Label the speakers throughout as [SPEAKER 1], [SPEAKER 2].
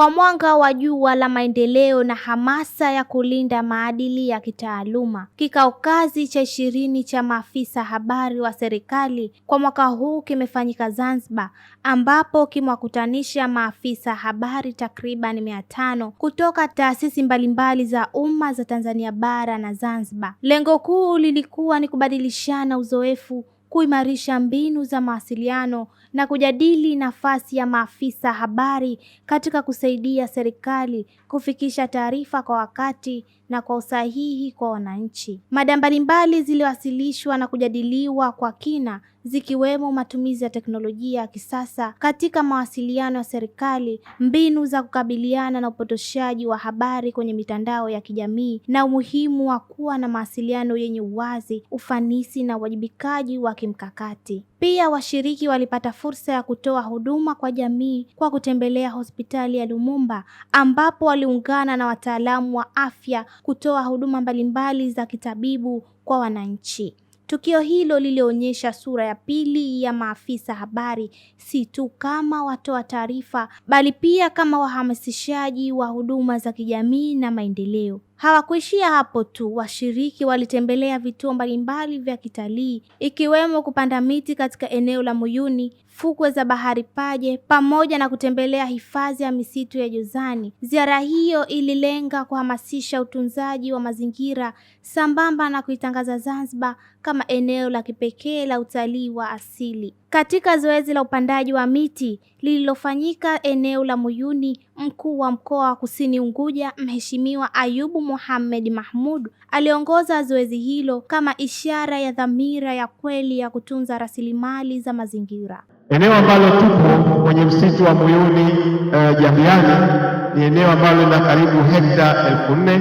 [SPEAKER 1] kwa mwanga wa jua la maendeleo na hamasa ya kulinda maadili ya kitaaluma. Kikao kazi cha ishirini cha maafisa habari wa serikali kwa mwaka huu kimefanyika Zanzibar, ambapo kimewakutanisha maafisa habari takriban mia tano kutoka taasisi mbalimbali za umma za Tanzania bara na Zanzibar. Lengo kuu lilikuwa ni kubadilishana uzoefu kuimarisha mbinu za mawasiliano na kujadili nafasi ya maafisa habari katika kusaidia serikali kufikisha taarifa kwa wakati na kwa usahihi kwa wananchi. Mada mbalimbali ziliwasilishwa na kujadiliwa kwa kina, zikiwemo matumizi ya teknolojia ya kisasa katika mawasiliano ya serikali, mbinu za kukabiliana na upotoshaji wa habari kwenye mitandao ya kijamii, na umuhimu wa kuwa na mawasiliano yenye uwazi, ufanisi na uwajibikaji wa kimkakati. Pia washiriki walipata fursa ya kutoa huduma kwa jamii kwa kutembelea hospitali ya Lumumba ambapo waliungana na wataalamu wa afya kutoa huduma mbalimbali za kitabibu kwa wananchi. Tukio hilo lilionyesha sura ya pili ya maafisa habari, si tu kama watoa taarifa, bali pia kama wahamasishaji wa huduma za kijamii na maendeleo. Hawakuishia hapo tu, washiriki walitembelea vituo mbalimbali vya kitalii ikiwemo kupanda miti katika eneo la Muyuni, fukwe za bahari Paje, pamoja na kutembelea hifadhi ya misitu ya Jozani. Ziara hiyo ililenga kuhamasisha utunzaji wa mazingira sambamba na kuitangaza Zanzibar kama eneo la kipekee la utalii wa asili. Katika zoezi la upandaji wa miti lililofanyika eneo la Muyuni, mkuu wa mkoa wa Kusini Unguja, Mheshimiwa Ayubu Mohamed Mahmud aliongoza zoezi hilo kama ishara ya dhamira ya kweli ya kutunza rasilimali za mazingira.
[SPEAKER 2] Eneo ambalo tupo kwenye msitu wa Muyuni uh, Jamiani ni eneo ambalo lina karibu hekta elfu nne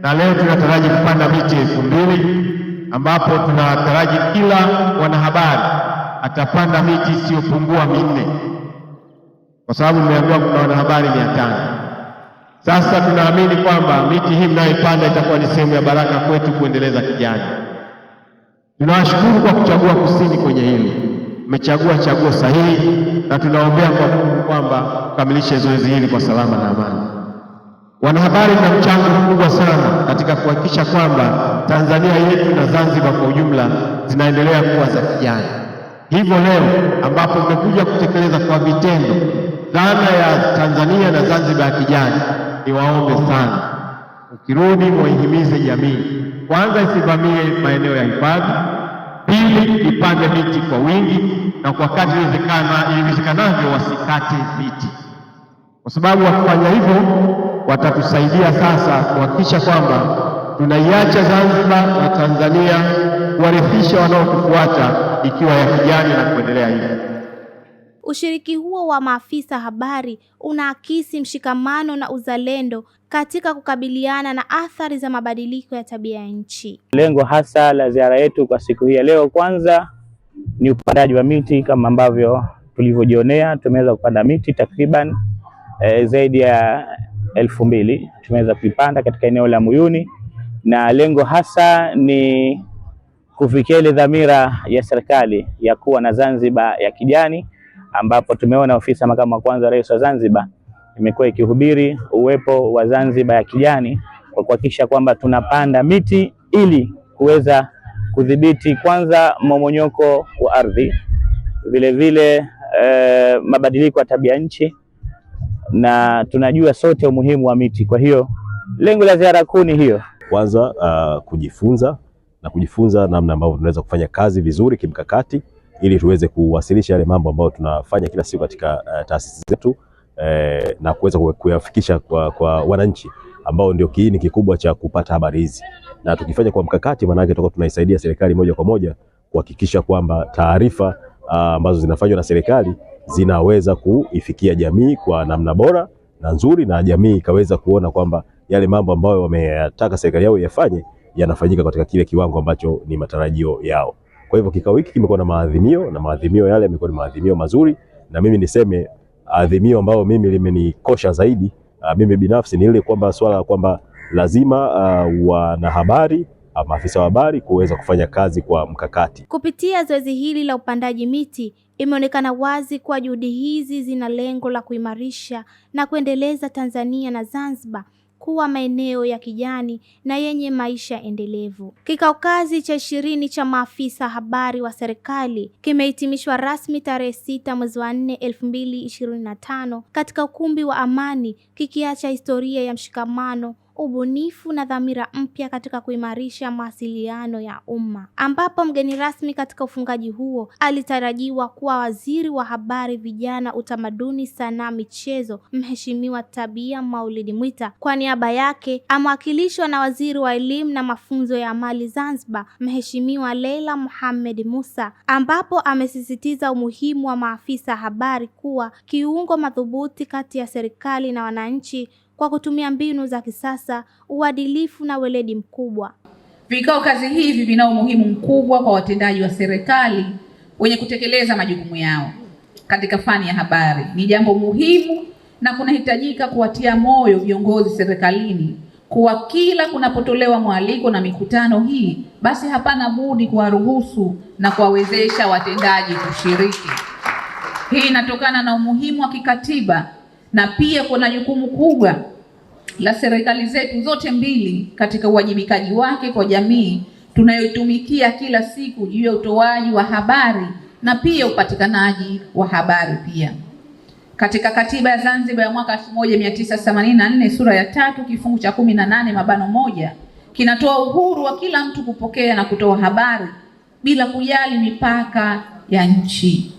[SPEAKER 2] na leo tunataraji kupanda miti elfu mbili ambapo tunataraji kila mwanahabari atapanda miti isiyopungua minne kwa sababu nimeambiwa kuna wanahabari mia tano. Sasa tunaamini kwamba miti hii mnayoipanda itakuwa ni sehemu ya baraka kwetu kuendeleza kijani. Tunawashukuru kwa kuchagua Kusini kwenye hili, mmechagua chaguo sahihi, na tunaombea kwa Mungu kwamba kukamilishe zoezi hili kwa salama na amani. Wanahabari na mchango mkubwa sana katika kuhakikisha kwamba Tanzania yetu na Zanzibar kwa ujumla zinaendelea kuwa za kijani. Hivyo leo ambapo mmekuja kutekeleza kwa vitendo dhana ya Tanzania na Zanzibar ya kijani niwaombe sana, ukirudi muihimize jamii kwanza isivamie maeneo ya hifadhi, pili ipande miti kwa wingi, na kwa kati iwezekanavyo wasikate miti, kwa sababu wakifanya hivyo watatusaidia sasa kuhakikisha kwamba tunaiacha Zanzibar na Tanzania kuwarithisha wanaotufuata ikiwa ya kijani na kuendelea hivyo.
[SPEAKER 1] Ushiriki huo wa maafisa habari unaakisi mshikamano na uzalendo katika kukabiliana na athari za mabadiliko ya tabia ya nchi.
[SPEAKER 3] Lengo hasa la ziara yetu kwa siku hii ya leo, kwanza ni upandaji wa miti. Kama ambavyo tulivyojionea, tumeweza kupanda miti takriban e, zaidi ya elfu mbili tumeweza kuipanda katika eneo la Muyuni, na lengo hasa ni kufikia ile dhamira ya serikali ya kuwa na Zanzibar ya kijani ambapo tumeona ofisi ya makamu wa kwanza wa rais wa Zanzibar imekuwa ikihubiri uwepo wa Zanzibar ya kijani kwa kuhakikisha kwamba tunapanda miti ili kuweza kudhibiti kwanza momonyoko wa ardhi, vilevile eh, mabadiliko ya tabia nchi, na tunajua sote umuhimu wa miti. Kwa hiyo lengo la ziara kuu ni hiyo
[SPEAKER 4] kwanza, uh, kujifunza na kujifunza namna ambavyo tunaweza kufanya kazi vizuri kimkakati ili tuweze kuwasilisha yale mambo ambayo tunafanya kila siku katika uh, taasisi zetu eh, na kuweza kuyafikisha kwa, kwa wananchi ambao ndio kiini kikubwa cha kupata habari hizi, na tukifanya kwa mkakati, maanake tutakuwa tunaisaidia serikali moja kwa moja kuhakikisha kwamba taarifa ah, ambazo uh, zinafanywa na serikali zinaweza kuifikia jamii kwa namna bora na nzuri, na jamii ikaweza kuona kwamba yale mambo ambayo wameyataka serikali yao yafanye yanafanyika katika kile kiwango ambacho ni matarajio yao. Kwa hivyo kikao hiki kimekuwa na maadhimio na maadhimio yale yamekuwa ni maadhimio mazuri, na mimi niseme adhimio ambayo mimi limenikosha zaidi a, uh, mimi binafsi ni ile kwamba swala la kwamba lazima uh, wanahabari maafisa wa habari kuweza kufanya kazi kwa mkakati.
[SPEAKER 1] Kupitia zoezi hili la upandaji miti, imeonekana wazi kuwa juhudi hizi zina lengo la kuimarisha na kuendeleza Tanzania na Zanzibar kuwa maeneo ya kijani na yenye maisha endelevu. Kikao kazi cha ishirini cha maafisa habari wa serikali kimehitimishwa rasmi tarehe sita mwezi wa nne elfu mbili ishirini na tano katika ukumbi wa Amani, kikiacha historia ya mshikamano ubunifu na dhamira mpya katika kuimarisha mawasiliano ya umma, ambapo mgeni rasmi katika ufungaji huo alitarajiwa kuwa waziri wa habari, vijana, utamaduni, sanaa, michezo, Mheshimiwa Tabia Maulidi Mwita. Kwa niaba yake amewakilishwa na waziri wa elimu na mafunzo ya amali Zanzibar, Mheshimiwa Leila Mohamed Musa, ambapo amesisitiza umuhimu wa maafisa habari kuwa kiungo madhubuti kati ya serikali na wananchi kwa kutumia mbinu za kisasa, uadilifu na weledi mkubwa.
[SPEAKER 5] Vikao kazi hivi vina umuhimu mkubwa kwa watendaji wa serikali wenye kutekeleza majukumu yao katika fani ya habari. Ni jambo muhimu na kunahitajika kuwatia moyo viongozi serikalini kuwa kila kunapotolewa mwaliko na mikutano hii, basi hapana budi kuwaruhusu na kuwawezesha watendaji kushiriki. Hii inatokana na umuhimu wa kikatiba na pia kuna jukumu kubwa la serikali zetu zote mbili katika uwajibikaji wake kwa jamii tunayotumikia kila siku juu ya utoaji wa habari na pia upatikanaji wa habari. Pia katika katiba ya Zanzibar ya mwaka 1984 sura ya tatu kifungu cha 18 mabano moja kinatoa uhuru wa kila mtu kupokea na kutoa habari bila kujali mipaka ya nchi,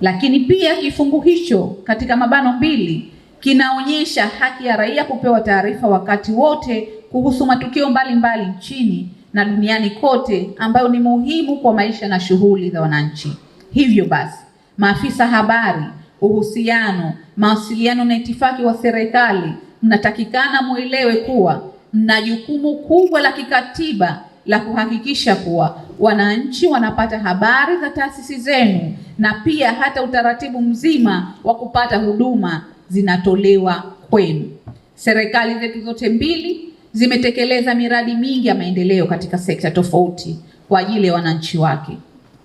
[SPEAKER 5] lakini pia kifungu hicho katika mabano mbili kinaonyesha haki ya raia kupewa taarifa wakati wote kuhusu matukio mbalimbali mbali nchini na duniani kote ambayo ni muhimu kwa maisha na shughuli za wananchi. Hivyo basi, maafisa habari, uhusiano, mawasiliano na itifaki wa serikali, mnatakikana muelewe kuwa mna jukumu kubwa la kikatiba la kuhakikisha kuwa wananchi wanapata habari za taasisi zenu na pia hata utaratibu mzima wa kupata huduma zinatolewa kwenu. Serikali zetu zote mbili zimetekeleza miradi mingi ya maendeleo katika sekta tofauti kwa ajili ya wananchi wake,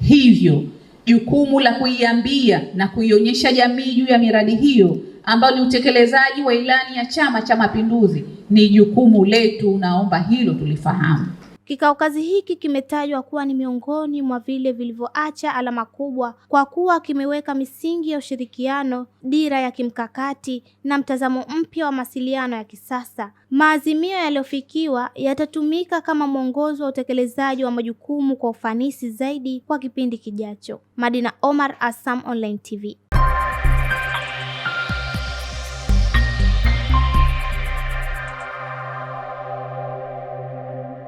[SPEAKER 5] hivyo jukumu la kuiambia na kuionyesha jamii juu ya miradi hiyo ambayo ni utekelezaji wa ilani ya Chama cha Mapinduzi ni jukumu letu. Naomba hilo tulifahamu.
[SPEAKER 1] Kikao kazi hiki kimetajwa kuwa ni miongoni mwa vile vilivyoacha alama kubwa kwa kuwa kimeweka misingi ya ushirikiano, dira ya kimkakati na mtazamo mpya wa mawasiliano ya kisasa. Maazimio yaliyofikiwa yatatumika kama mwongozo wa utekelezaji wa majukumu kwa ufanisi zaidi kwa kipindi kijacho. Madina Omar, ASAM Online TV.